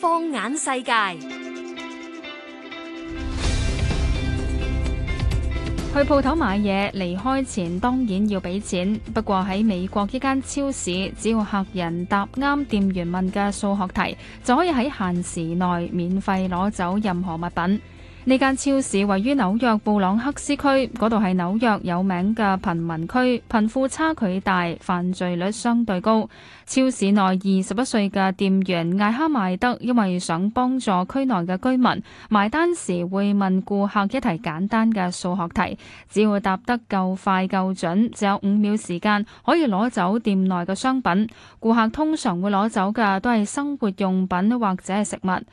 放眼世界，去鋪頭買嘢，離開前當然要俾錢。不過喺美國一間超市，只要客人答啱店員問嘅數學題，就可以喺限時內免費攞走任何物品。呢間超市位於紐約布朗克斯區，嗰度係紐約有名嘅貧民區，貧富差距大，犯罪率相對高。超市內二十一歲嘅店員艾哈邁德因為想幫助區內嘅居民，埋單時會問顧客一題簡單嘅數學題，只要答得夠快夠準，就有五秒時間可以攞走店內嘅商品。顧客通常會攞走嘅都係生活用品或者係食物。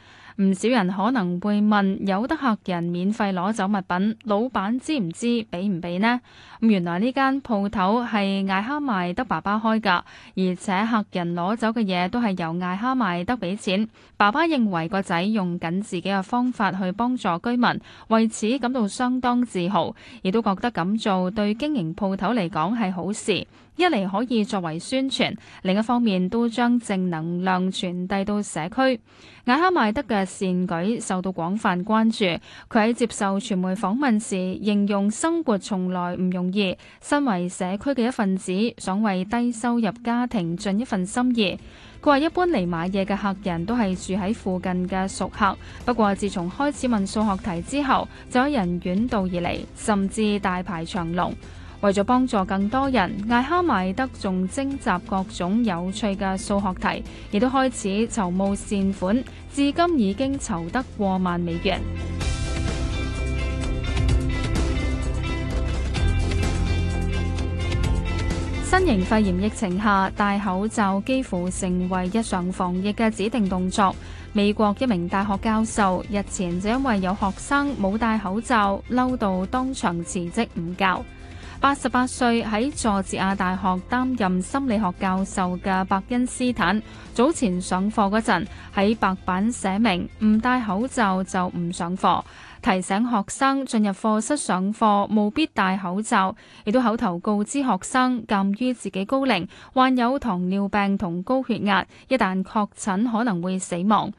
唔少人可能會問：有得客人免費攞走物品，老闆知唔知俾唔俾呢？原來呢間鋪頭係艾哈麥德爸爸開㗎，而且客人攞走嘅嘢都係由艾哈麥德俾錢。爸爸認為個仔用緊自己嘅方法去幫助居民，為此感到相當自豪，亦都覺得咁做對經營鋪頭嚟講係好事。一嚟可以作為宣傳，另一方面都將正能量傳遞到社區。艾哈邁德嘅善舉受到廣泛關注。佢喺接受傳媒訪問時形容生活從來唔容易，身為社區嘅一份子，想為低收入家庭盡一份心意。佢話一般嚟買嘢嘅客人都係住喺附近嘅熟客，不過自從開始問數學題之後，就有人遠道而嚟，甚至大排長龍。為咗幫助更多人，艾哈邁德仲徵集各種有趣嘅數學題，亦都開始籌募善款，至今已經籌得過萬美元。 新型肺炎疫情下，戴口罩幾乎成為日常防疫嘅指定動作。美國一名大學教授日前就因為有學生冇戴口罩，嬲到當場辭職唔教。八十八歲喺佐治亞大學擔任心理學教授嘅伯恩斯坦，早前上課嗰陣喺白板寫明唔戴口罩就唔上課，提醒學生進入課室上課務必戴口罩，亦都口頭告知學生，鑑於自己高齡、患有糖尿病同高血壓，一旦確診可能會死亡。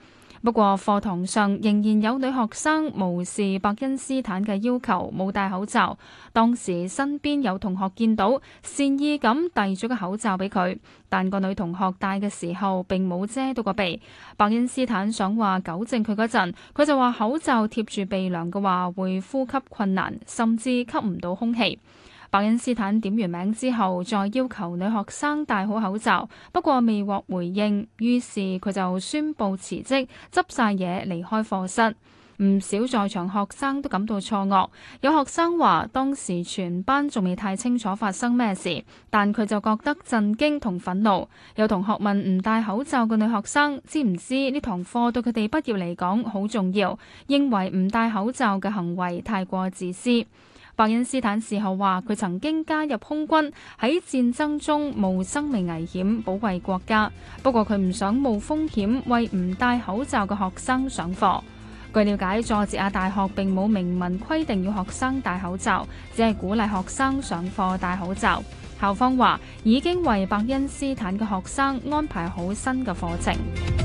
不過課堂上仍然有女學生無視伯恩斯坦嘅要求，冇戴口罩。當時身邊有同學見到，善意咁遞咗個口罩俾佢，但個女同學戴嘅時候並冇遮到個鼻。伯恩斯坦想話糾正佢嗰陣，佢就話口罩貼住鼻梁嘅話會呼吸困難，甚至吸唔到空氣。巴恩斯坦點完名之後，再要求女學生戴好口罩，不過未獲回應，於是佢就宣布辭職，執晒嘢離開課室。唔少在場學生都感到錯愕，有學生話：當時全班仲未太清楚發生咩事，但佢就覺得震驚同憤怒。有同學問唔戴口罩嘅女學生知唔知呢堂課對佢哋畢業嚟講好重要，認為唔戴口罩嘅行為太過自私。白恩斯坦事後話：佢曾經加入空軍喺戰爭中冒生命危險保衛國家，不過佢唔想冒風險為唔戴口罩嘅學生上課。據了解，佐治亞大學並冇明文規定要學生戴口罩，只係鼓勵學生上課戴口罩。校方話已經為伯恩斯坦嘅學生安排好新嘅課程。